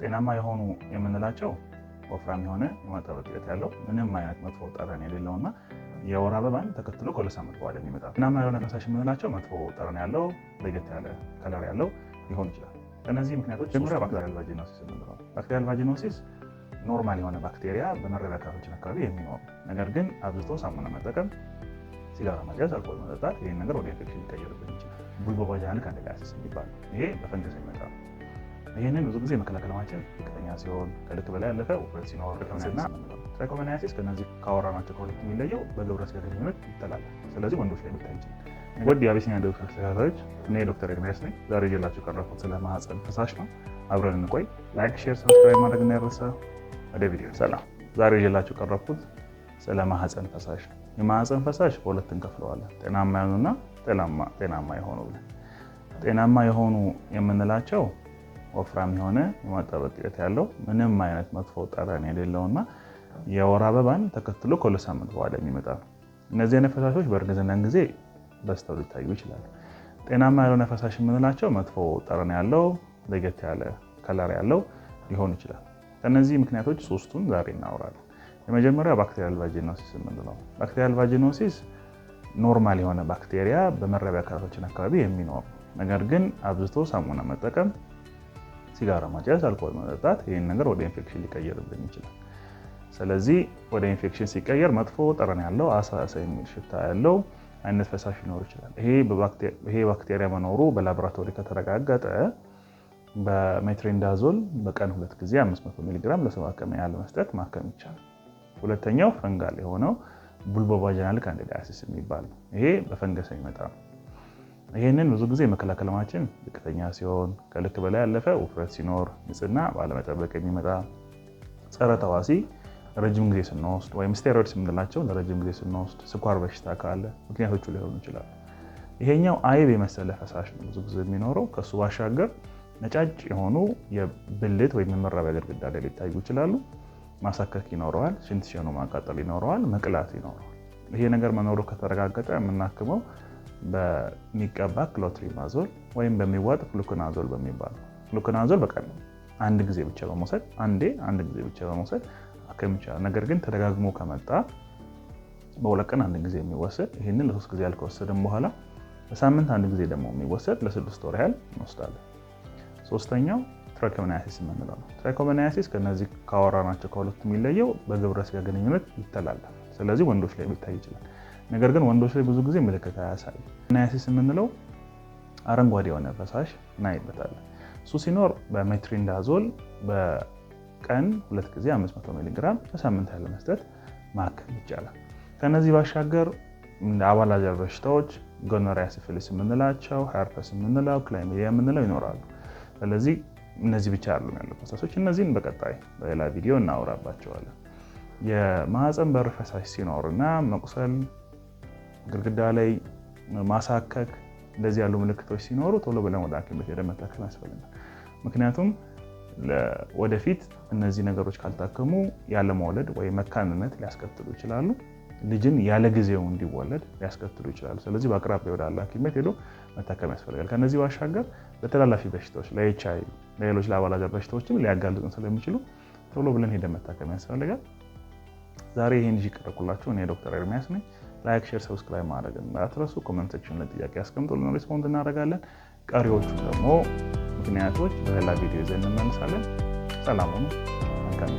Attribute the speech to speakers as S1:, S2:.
S1: ጤናማ የሆኑ የምንላቸው ወፍራም የሆነ የማጣበቅ ሂደት ያለው ምንም አይነት መጥፎ ጠረን የሌለውና የወር አበባን ተከትሎ ከሁለት ዓመት በኋላ የሚመጣ ጤናማ የሆነ ፈሳሽ የምንላቸው መጥፎ ጠረን ያለው ለየት ያለ ከለር ያለው ሊሆን ይችላል። ከእነዚህ ምክንያቶች ጀምሪያ ባክቴሪያል ቫጂኖሲስ የምንለው ባክቴሪያል ቫጂኖሲስ ኖርማል የሆነ ባክቴሪያ በመረቢያ አካሎችን አካባቢ የሚኖር ነገር ግን አብዝቶ ሳሙና መጠቀም፣ ሲጋራ ማጨስ፣ አልኮል መጠጣት ይህን ነገር ወደ ኢንፌክሽን ሊቀየርብን ይችላል። ቡልቦቫጃኒክ አደጋሲስ የሚባል ይሄ በፈንገስ ይመጣል። ይህንን ብዙ ጊዜ መከላከላችን ዝቅተኛ ሲሆን ከልክ በላይ ያለፈ ውፍረት ሲኖር እና ትራይኮሞናያሲስ ከነዚህ ካወራናቸው ከሁለት የሚለየው በግብረ ስጋ ግንኙነት ይተላለፋል። ስለዚህ ወንዶች ላይ ሊታይ ይችላል። ወድ የአቢሲኒያ ዶክተር ተከታታዮች፣ እኔ ዶክተር ኤግናስ ነኝ። ዛሬ ይዤላችሁ ቀረፉት ስለ ማህፀን ፈሳሽ ነው። አብረን እንቆይ። ላይክ፣ ሼር፣ ሰብስክራይብ ማድረግ እንዳይረሳ። ወደ ቪዲዮ ሰላም። ዛሬ ይዤላችሁ ቀረፉት ስለ ማህፀን ፈሳሽ ነው። የማህፀን ፈሳሽ በሁለት እንከፍለዋለን፣ ጤናማ ያልሆኑና ጤናማ የሆኑ ብለን ጤናማ የሆኑ የምንላቸው ወፍራም የሆነ የማጣበቅ ሂደት ያለው ምንም አይነት መጥፎ ጠረን የሌለውና የወር አበባን ተከትሎ ከሁለት ሳምንት በኋላ የሚመጣ ነው። እነዚህ አይነት ፈሳሾች በእርግዝናን ጊዜ በስተው ሊታዩ ይችላሉ። ጤናማ ያልሆነ ፈሳሽ የምንላቸው መጥፎ ጠረን ያለው፣ ለየት ያለ ከለር ያለው ሊሆን ይችላል። ከእነዚህ ምክንያቶች ሶስቱን ዛሬ እናወራለን። የመጀመሪያ ባክቴሪያል ቫጂኖሲስ የምንለው ባክቴሪያል ቫጂኖሲስ ኖርማል የሆነ ባክቴሪያ በመራቢያ አካላቶችን አካባቢ የሚኖር ነገር ግን አብዝቶ ሳሙና መጠቀም ሲጋራ ማጨስ፣ አልኮል መጠጣት ይህን ነገር ወደ ኢንፌክሽን ሊቀየርብን ይችላል። ስለዚህ ወደ ኢንፌክሽን ሲቀየር መጥፎ ጠረን ያለው አሳሳ የሚል ሽታ ያለው አይነት ፈሳሽ ሊኖር ይችላል። ይሄ ባክቴሪያ መኖሩ በላቦራቶሪ ከተረጋገጠ በሜትሪንዳዞል በቀን ሁለት ጊዜ 500 ሚሊግራም ለሰባት ቀን ያህል መስጠት ማከም ይቻላል። ሁለተኛው ፈንጋል የሆነው ቡልቦቫጂናል ካንዲዳያሲስ የሚባል ነው። ይሄ በፈንገስ የሚመጣ ነው። ይህንን ብዙ ጊዜ መከላከላማችን ዝቅተኛ ሲሆን፣ ከልክ በላይ ያለፈ ውፍረት ሲኖር፣ ንጽህና ባለመጠበቅ የሚመጣ ጸረ ተዋሲ ረጅም ጊዜ ስንወስድ ወይም ስቴሮይድስ የምንላቸው ለረጅም ጊዜ ስንወስድ፣ ስኳር በሽታ ካለ ምክንያቶቹ ሊሆኑ ይችላሉ። ይሄኛው አይብ የመሰለ ፈሳሽ ነው ብዙ ጊዜ የሚኖረው። ከሱ ባሻገር ነጫጭ የሆኑ የብልት ወይም የመራቢያ ግድግዳ ላይ ሊታዩ ይችላሉ። ማሳከክ ይኖረዋል። ሽንት ሲሆኑ ማቃጠል ይኖረዋል። መቅላት ይኖረዋል። ይሄ ነገር መኖሩ ከተረጋገጠ የምናክመው በሚቀባ ክሎትሪማዞል ወይም በሚዋጥ ፍሉክናዞል በሚባል ፍሉክናዞል በቀን አንድ ጊዜ ብቻ በመውሰድ አንዴ አንድ ጊዜ ብቻ በመውሰድ ማከም ይቻላል። ነገር ግን ተደጋግሞ ከመጣ በሁለት ቀን አንድ ጊዜ የሚወሰድ ይህንን ለሶስት ጊዜ ያህል ከወሰድን በኋላ በሳምንት አንድ ጊዜ ደግሞ የሚወሰድ ለስድስት ወር ያህል እንወስዳለን። ሶስተኛው ትራኮመናያሲስ የምንለው ነው። ትራኮመናያሲስ ከነዚህ ካወራናቸው ከሁለቱ የሚለየው በግብረ ስጋ ግንኙነት ይተላለፋል። ስለዚህ ወንዶች ላይ ሊታይ ይችላል። ነገር ግን ወንዶች ላይ ብዙ ጊዜ ምልክት አያሳይ። ናያሲስ የምንለው አረንጓዴ የሆነ ፈሳሽ እናይበታለን። እሱ ሲኖር በሜትሪንዳዞል በቀን ሁለት ጊዜ 500 ሚሊግራም በሳምንት ያለ መስጠት ማከም ይቻላል። ከነዚህ ባሻገር አባላዘር በሽታዎች ጎኖሪያ፣ ሲፊሊስ የምንላቸው፣ ሃርፐስ የምንለው፣ ክላሚዲያ የምንለው ይኖራሉ። ስለዚህ እነዚህ ብቻ ያሉ ያሉ ፈሳሾች እነዚህን በቀጣይ በሌላ ቪዲዮ እናወራባቸዋለን። የማህፀን በር ፈሳሽ ሲኖርና መቁሰል ግድግዳ ላይ ማሳከክ፣ እንደዚህ ያሉ ምልክቶች ሲኖሩ ቶሎ ብለን ወደ ሐኪም ቤት ሄደን መታከም ያስፈልጋል። ምክንያቱም ወደፊት እነዚህ ነገሮች ካልታከሙ ያለመውለድ ወይም መካንነት ሊያስከትሉ ይችላሉ። ልጅም ያለ ጊዜው እንዲወለድ ሊያስከትሉ ይችላሉ። ስለዚህ በአቅራቢያ ወዳለ ሐኪም ቤት ሄዶ መታከም ያስፈልጋል። ከነዚህ ባሻገር ለተላላፊ በሽታዎች፣ ለኤች አይ ቪ፣ ለሌሎች ለአባላዘር በሽታዎችም ሊያጋልጡን ስለሚችሉ ቶሎ ብለን ሄደን መታከም ያስፈልጋል። ዛሬ ይህን ይዤ ቀረብኩላችሁ። እኔ ዶክተር ኤርሚያስ ነኝ። ላይክ፣ ሼር፣ ሰብስክራይብ ማድረግ እንዳትረሱ። ኮመንት ለጥያቄ ላይ ጥያቄ አስቀምጡልን፣ ሪስፖንድ እናደርጋለን። ቀሪዎቹ ደግሞ ምክንያቶች በሌላ ቪዲዮ ይዘን እንመልሳለን። ሰላም ሁኑ።